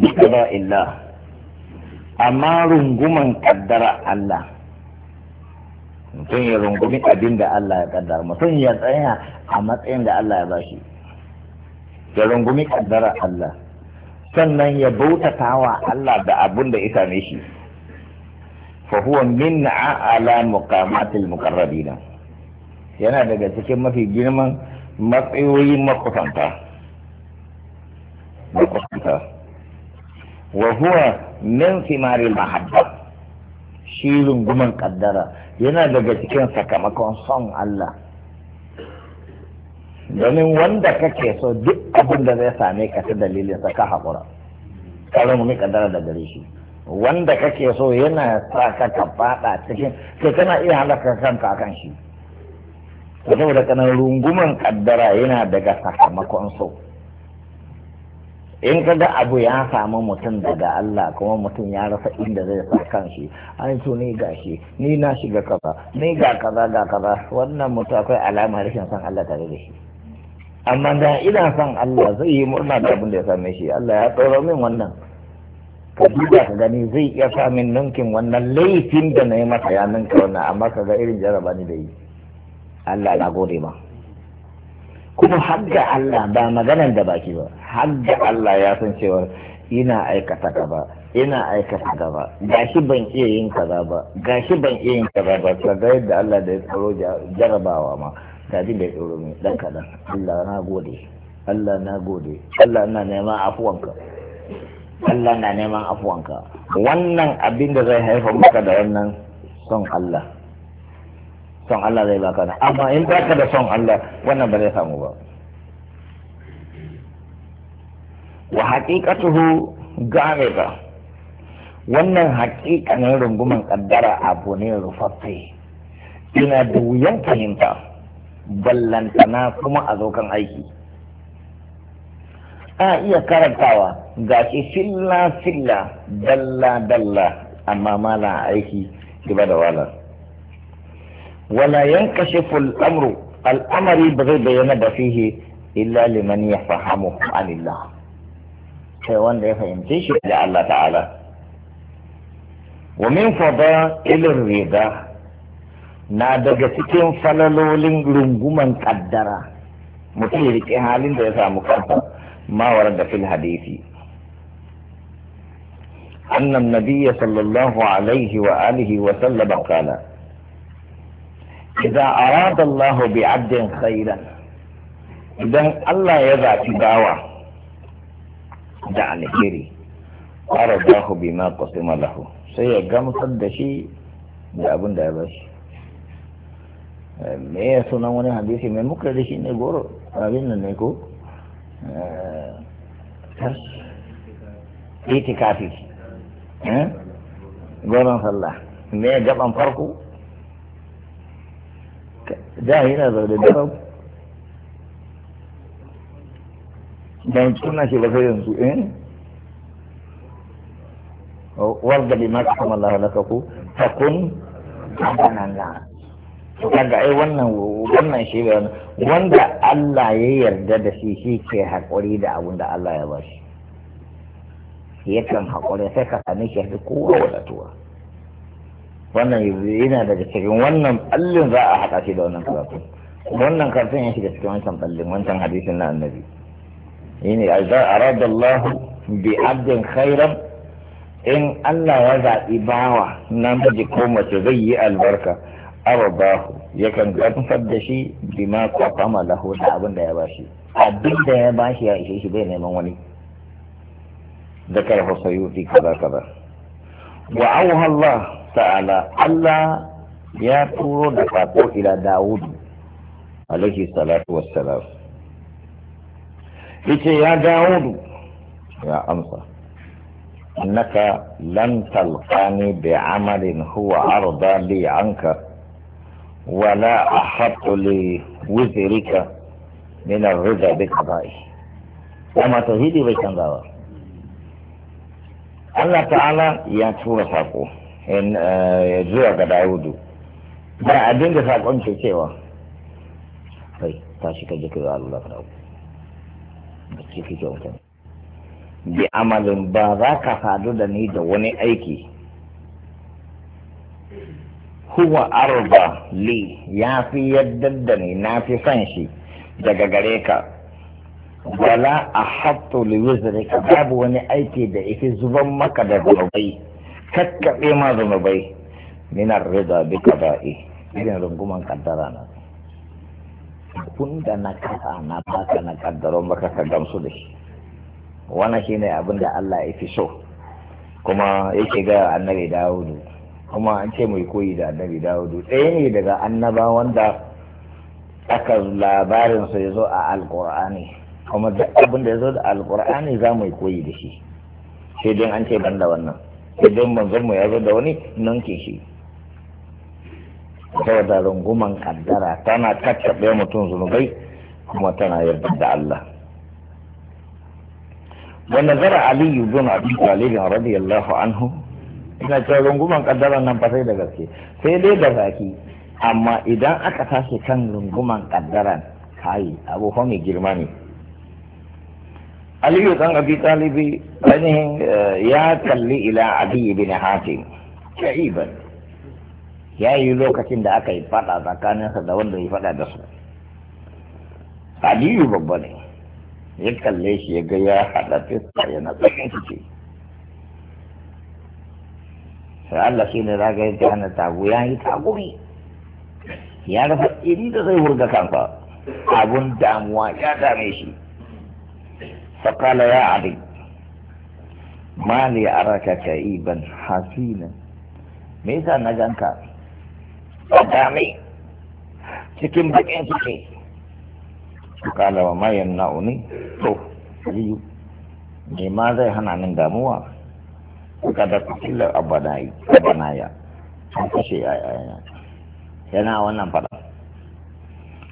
bikaba illa amma runguman kaddara Allah mutum ya rungumi abin da Allah ya kaddara mutum ya tsaya a matsayin da Allah ya bashi ya rungumi kaddara Allah sannan ya bautata wa Allah da abin da ya ne shi fa huwa min ala muqamatil muqarrabina yana daga cikin mafi girman matsayoyin makusanta ta wa huwa min simaril mahabba shi runguman kaddara yana daga cikin sakamakon son Allah domin wanda kake so duk abin da zai same ka ta dalilin sa ka haƙura ka rungumi kaddara da gare shi wanda kake so yana sa ka ka faɗa cikin kai kana iya halaka kanka akan shi saboda kana runguman kaddara yana daga sakamakon so in ka ga abu ya samu mutum daga Allah kuma mutum ya rasa inda zai sa kanshi an to ni shi, ni na shiga kaza ni ga kaza ga kaza wannan mutum akwai alama rashin san Allah tare da shi amma da ina son Allah zai yi murna da abin da ya same shi Allah ya tsoro min wannan ka duba ka gani zai iya sa min ninkin wannan laifin da na yi masa ya ninka wannan amma ka ga irin jaraba ni da yi Allah na gode ma kuma hadda Allah ba maganan da baki ba hadda Allah ya san cewa ina aikata gaba ina aikata gaba gashi ban iya yin kaza ba gashi ban iya yin kaza ba ga yadda Allah da ya tsaro jarabawa ma din da tsoro mai dan kadan Allah na gode Allah na gode Allah na neman afuwanka Allah na neman afuwanka wannan abin da zai haifar maka da wannan son Allah son Allah zai baka na amma in ka da son Allah wannan ba zai samu ba wa haqiqatuhu gamiba wannan haƙiƙanin runguman kaddara abu ne rufaffe ina da wuyan fahimta ballantana kuma a zokan aiki a iya karantawa ga shi filla filla dalla dalla amma mala aiki gaba da wala ولا ينكشف الامر الامر بغير بيان فيه الا لمن يفهمه عن الله حيوان لا يفهم شيء الله تعالى ومن فضاء الى الرضا نادى جسكين فللولين رنجوماً قدرا متير كهالين ديسا مكافا ما ورد في الحديث أن النبي صلى الله عليه وآله وسلم قال idan arada Allah bi 'abdin khairan idan Allah ya zaɓi bawa da alheri aradahu ma qasima lahu sai ya gamsar da shi da abin da ya shi me ya sunan wani hadisi mai muka da shi ne goro abin nan ne ko itikafi goron sallah me gaban farko da yana zaune da rabu dan suna shi ba sai yanzu eh warda bi ma kama Allah laka ku takun abanan la to kaga ai wannan wannan shi wanda Allah ya yarda da shi shi ke haƙuri da abun da Allah ya bashi yakan haƙuri sai ka sami shi kowa wadatuwa wannan yana daga cikin wannan ɓallin za a haɗa shi da wannan karatu wannan karatun ya shiga cikin wancan ɓallin wancan hadisin na annabi shine za a rada Allah bi abdin khairan in Allah ya zaɓi bawa namiji ko mace zai yi albarka arabahu yakan gamsar da shi bima kwafama lahu da abin da ya bashi abin da ya bashi ya ishe shi bai neman wani ذكره السيوطي كذا wa وأوهى الله ta'ala Allah ya turo da sako ila Dawud alaihi salatu wassalam yace ya Dawud ya amsa innaka lan talqani bi amalin huwa arda li anka wala ahadtu li wizrika min ar-rida bi qada'i amma tauhidi bai canza ba Allah ta'ala ya tura sako Eh, zuwa ga dawudu ba a dinga saƙon ke cewa kai ka jikin Allah ka da ciki kyauta bi amalin ba za ka sadu da ni da wani aiki huwa arba li ya fi yadda da ni na fi san shi daga gare ka wala a hattu li babu wani aiki da ifi zuban maka da zunubai kakkaɓe ma zunubai minar rida bi kaba'i irin runguman kaddara na kun da na kasa na baka na kaddaro baka ka gamsu da shi wannan shine abin da Allah ya fi so kuma yake ga annabi Dawudu kuma an ce mai koyi da annabi Dawudu ɗaya ne daga annaba wanda aka labarin ya zo a Alƙur'ani. kuma duk abin da ya zo da Alƙur'ani za mu koyi da shi sai dai an ce banda wannan idan manzon mu ya zo da wani nan ke shi saboda runguman kaddara tana tattaɓe mutum zunubai kuma tana yarda da Allah wanda zara aliyu bin abi talib radiyallahu anhu ina cewa runguman kaddara nan ba sai da gaske sai dai da zaki amma idan aka tashi kan runguman kaddara kai abu fa mai girma ne aliyu kan abi talibi ainihin eh, ya kalli ila abi bin hatim sha'iban ya yi lokacin da aka yi fada tsakaninsa da wanda ya fada da su aliyu babba ne ya kalle shi ya ga ya haɗa fiska yana tsakin ciki sai Allah shi ne zaga yake hana tagu ya yi tagumi ya rasa inda zai wurga kansa abun damuwa ya dame shi فقال يا علي ما لي أراك كئيبا حزينا ميزا نجنك قدامي cikin bakin ciki kala wa mayan na'uni to biyu ne ma zai hana min damuwa suka da kusillar abanaya an kashe yayana yana wannan fada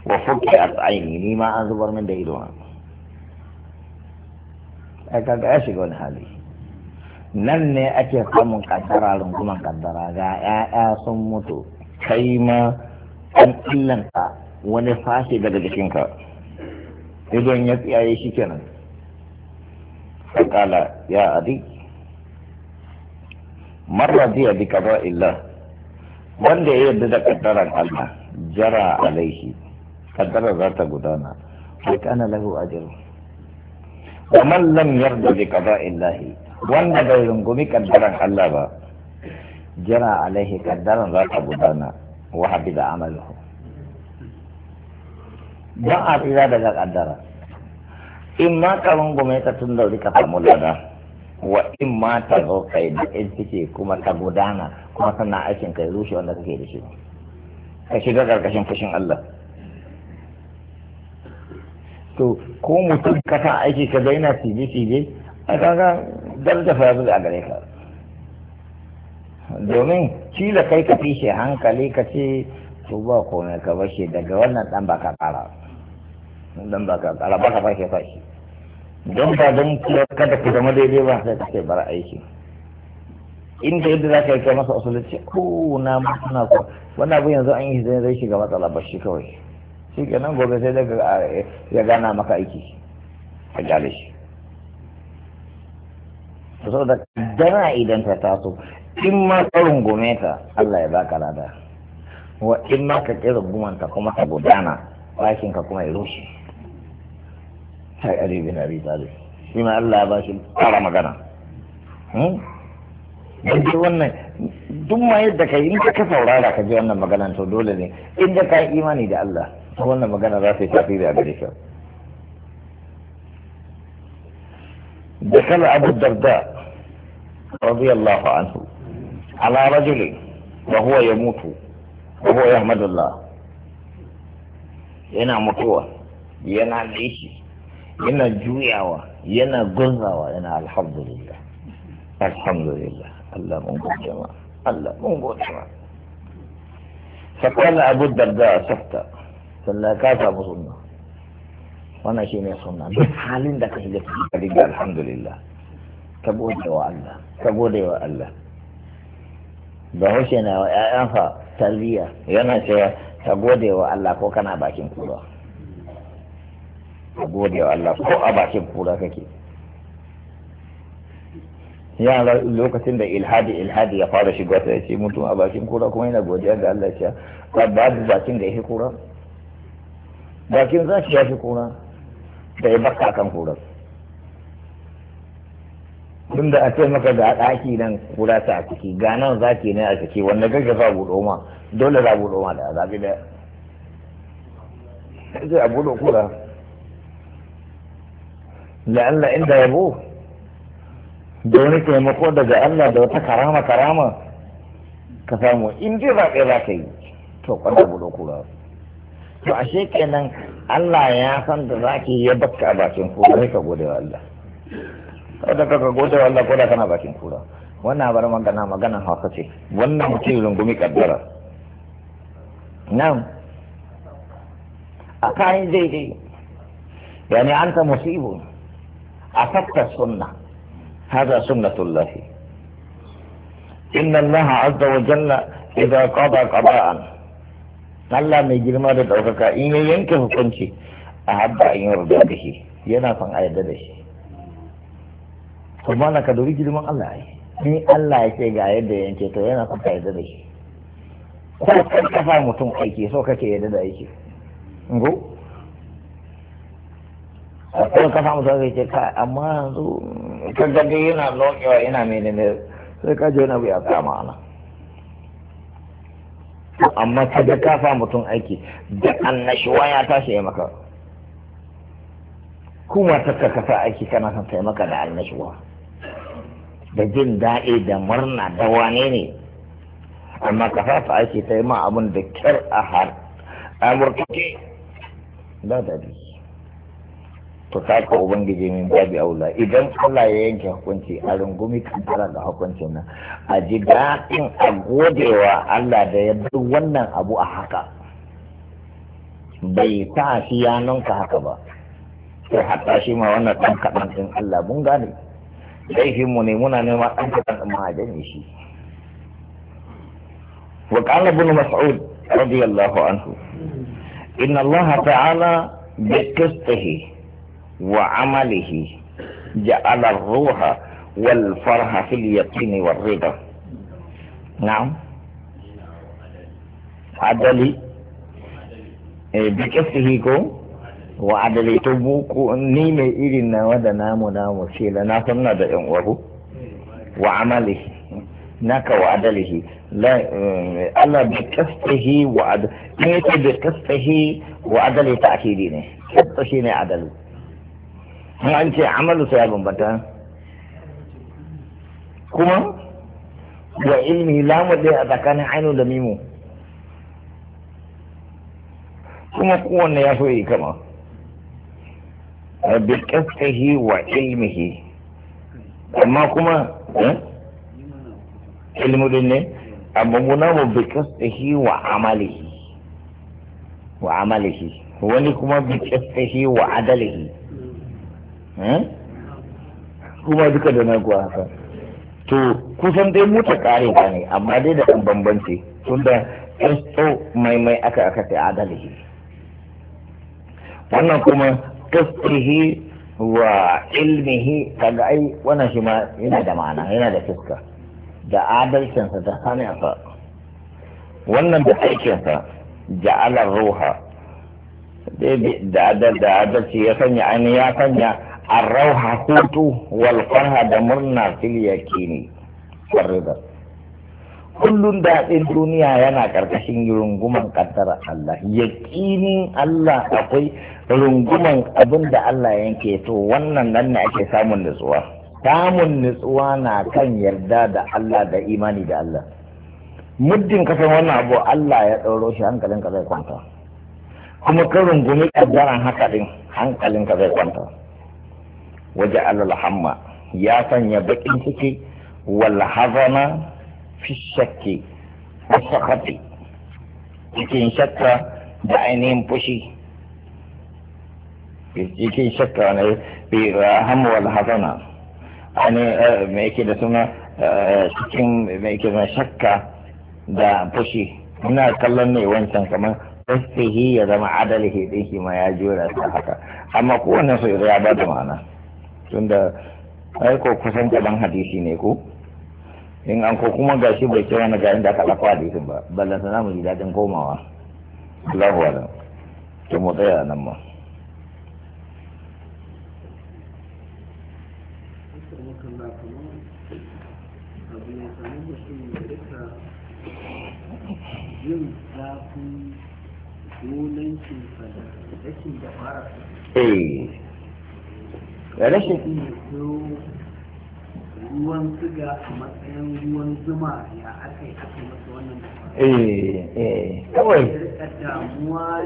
wa fuki a tsayin ni ma an zubar min da idona ai kaga ya shiga wani hali nan ne ake samun kaddara rungumar kaddara ga ya'ya sun mutu kai ma an illanta wani fashe daga jikinka idan ya tsiyaye shi kenan kala ya adi marra biya bi kaza illa wanda ya yarda da kaddaran Allah jara alaihi kaddara za ta gudana sai kana lahu ajrun wa man lam yarda bi wanda bai rungumi kaddaran Allah ba jira alaihi kaddaran za ta gudana wa habida amaluhu don a tsira daga kaddara in ma ka rungume ta tun da ka samu lada wa in ma ta zo kai da in take kuma ta gudana kuma tana aikin kai rushe wanda kake da shi ka shiga karkashin fushin Allah ko mutum ka sa aiki ka daina tije tije a kaga daraja da yazo a gare ka domin shi da kai ka fishe hankali ka ce to ba komai ka bashe daga wannan dan baka kara dan baka kara baka fashe fashe don ba don kada ku zama daidai ba sai ka ce bar aiki inda yadda za ka yi kai masa ce ko na mutuna ko wannan abu yanzu an yi zai shiga matsala ba shi kawai shi kenan gobe sai daga ya gana maka aiki a gyale shi so da dana idan ta taso in ma tsarin gome ta Allah ya baka lada wa in ma ka kira gumanta kuma ka gudana bakin ka kuma ya rushe sai Ali bin Abi Talib shi ma Allah ya bashi fara magana ji hmm? wannan duk ma yadda ka yi in ka saurara ka ji wannan magana to dole ne in ka yi imani da Allah wannan magana za ta yi tasiri a gare ka da دخل أبو الدرداء رضي الله عنه على رجل وهو يموت وهو يحمد الله yana mutuwa yana laishi yana juyawa yana gunzawa yana alhamdulillah alhamdulillah Allah mun gode ma Allah mun gode ma فقال أبو الدرداء سكت sannan ka samu sunna wannan shi ne sunna duk halin da ka shiga ka riga alhamdulillah ka gode wa Allah ka gode wa Allah da hushe na wa fa tarbiya yana cewa ka gode wa Allah ko kana bakin kura ka gode wa Allah ko a bakin kura kake Yana lokacin da ilhadi ilhadi ya fara shiga ta ce mutum a bakin kura kuma yana godiya ga Allah ya ce da bakin da yake kura bakin zaki ya fi kura da ya baka kan kurar tun da a ce maka ga ɗaki nan kura ta a ciki ga nan zaki ne a ciki wanda gaga za buɗo ma dole za buɗo ma da zaɓi da sai a buɗo kura la'alla inda yabo da wani taimako daga Allah da wata karama karama ka samu in ji zaɓe za ka yi to kwanta buɗo kura to ashe kenan Allah ya san da zaki ya baka a bakin kura sai ka gode wa Allah kada ka gode wa Allah ko da kana bakin kura wannan bar magana magana hausa ce wannan mutum rungumi kaddara nan a kayan dai yani an ta musibu a fakta sunna hada sunnatullahi inna Allah azza wa jalla idza qada qada'an Allah mai girma da ɗaukaka in ya yanke hukunci a haɗa a yarda da shi yana son a yarda da shi to mana ka dori girman Allah ya ni Allah ya ce ga yadda yanke to yana son a yarda da shi ko kan kafa mutum aiki so kake yarda da aiki ngo kan kafa mutum aiki ce amma yanzu ka ga yana lokewa yana menene sai ka na biya kama ana amma ta ga ka sa mutum aiki da annashuwa ya tashi ya maka kuma ta ka sa aiki kana son ta maka da annashuwa da jin daɗi da murna da wane ne amma ka sa ta aiki ta yi ma abin da kyar a har amurkake ba daɗi to ubangiji min babi aula idan Allah ya yanke hukunci a rungumi tara ga hukuncin nan a ji daɗin a godewa Allah da ya bar wannan abu a haka bai ta shi ya ka haka ba sai hatta shi ma wannan ɗan kaɗan ɗin Allah mun gane laifin mu ne muna nema ɗan kaɗan ɗin mahajan shi wa qala ibn mas'ud radiyallahu anhu inna Allah ta'ala bi qistihi وعمله جعل الروح والفرح في اليقين والرضا نعم عدلي إيه، بكفه كون وعدلي تبوكو نيمة إلينا ودا نامو نامو سيلا ناسمنا دا ينوه وعمله ناك وعدله لا إيه، ألا بكفه وعدل نيت بكفه وعدل تأكيدينه كفه عدله an ce amalu sai ya bambanta kuma wa ilmi lamu dai a tsakanin ainu da mimu kuma kowanne ya so yi kama bi kaskahi wa ilmihi amma kuma eh? ilmu din ne amma muna mu bi kaskahi wa amalihi wa amalihi wani kuma bi kaskahi wa adalihi Eh? kuma duka da na guwa haka to kusan dai mutu kare ka ne amma dai da ɗan bambanci tunda kristo mai mai aka aka sai adalci wannan kuma kristihi wa ilmihi kaga ai wannan shi ma yana da ma'ana yana da fuska da adalcinsa da sanarsa wannan da aikinsa da alar ruha da adalci ya sanya ainihin ya sanya الروح da murna دمرنا في اليقين الرضا kullum daɗin duniya yana ƙarƙashin runguman ƙaddara Allah yaƙinin Allah akwai runguman abin da Allah yanke to wannan nan ne ake samun nutsuwa samun nutsuwa na kan yarda da Allah da imani da Allah muddin kasar wannan abu Allah ya ɗauro shi hankalin ka zai kwanta kuma ka rungumi ƙaddaran haka ɗin hankalin ka zai kwanta waje alhamma ya sanya bakin ciki wal hazana fi shakki wasakhati cikin shakka da ainihin fushi cikin shakka ne bi hamu wal hazana ani eh, me yake da suna eh, cikin me yake da shakka da fushi ina kallon ne wancan kamar tasfihi ya zama adalihi din shi ma ya jura sa haka amma kowanne su ya ba da ma'ana tunda ai ko kusan gaban hadisi ne ko in an ko kuma gashi bai kira na ga inda aka ɗauko hadisin ba ballan sana mu ji daɗin komawa Allahu alam to mu tsaya nan ma yin rashin ruwan siga a matsayin ruwan zuma ya aka yi aka masa wannan eh eh kawai